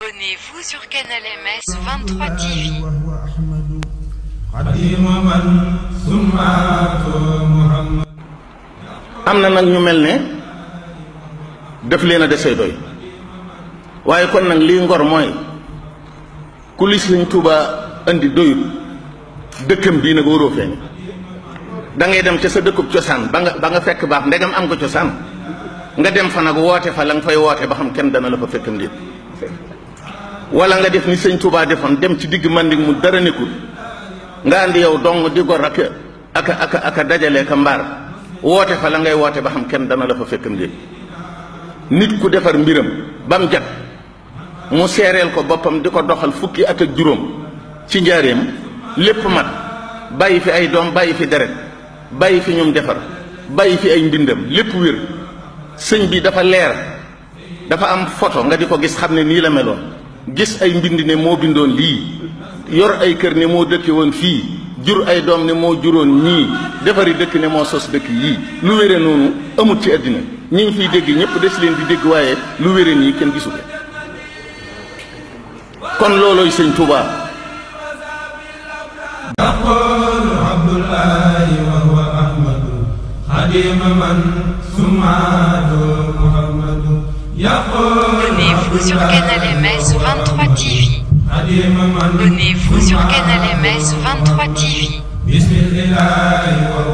abonnez am na nag ñu mel ne def leen a desee doy waaye kon nag lii ngor mooy ku li Sëriñ Tuuba indi doy dëkkam bii nag waroo feeñ da ngay dem ca sa dëkkub cosaan ba nga ba nga fekk baax ndegam am ko cosaan nga dem fa nag woote fa la nga fay woote ba xam kenn dana la fa fekkam déet wala nga def ni sëñ Touba defoon dem ci digg màndik mu dara nekkul nga andi yow dong di gor ak ak ak dajale ka mbaar woote fa la ngay woote ba xam kenn dana la fa fekkam déet nit ku defar mbiram ba mu jag mu seereel ko boppam di ko doxal fukki at ak juróom ci njaareem lépp mat bàyyi fi ay doom bàyyi fi deret bàyyi fi ñoom defar bàyyi fi ay mbindam lépp wér sëñ bi dafa leer dafa am foto nga di ko gis xam ne nii la meloon gis ay mbind ne moo bindoon lii yor ay kër ne moo dëkke woon fii jur ay doom ne moo juróon ñii defari dëkk ne moo sos dëkk yii lu wére noonu amut ci àddina ñi fiy dégg ñëpp des leen di dégg waaye lu wére nii kenn gisu ko kon loolooy sëñ Tuubaa daqool abdullahi wa huwa ahmadu xadima man sumaado muhammad Abonnez-vous sur Canal MS 23 TV. Abonnez-vous sur Canal MS 23 TV.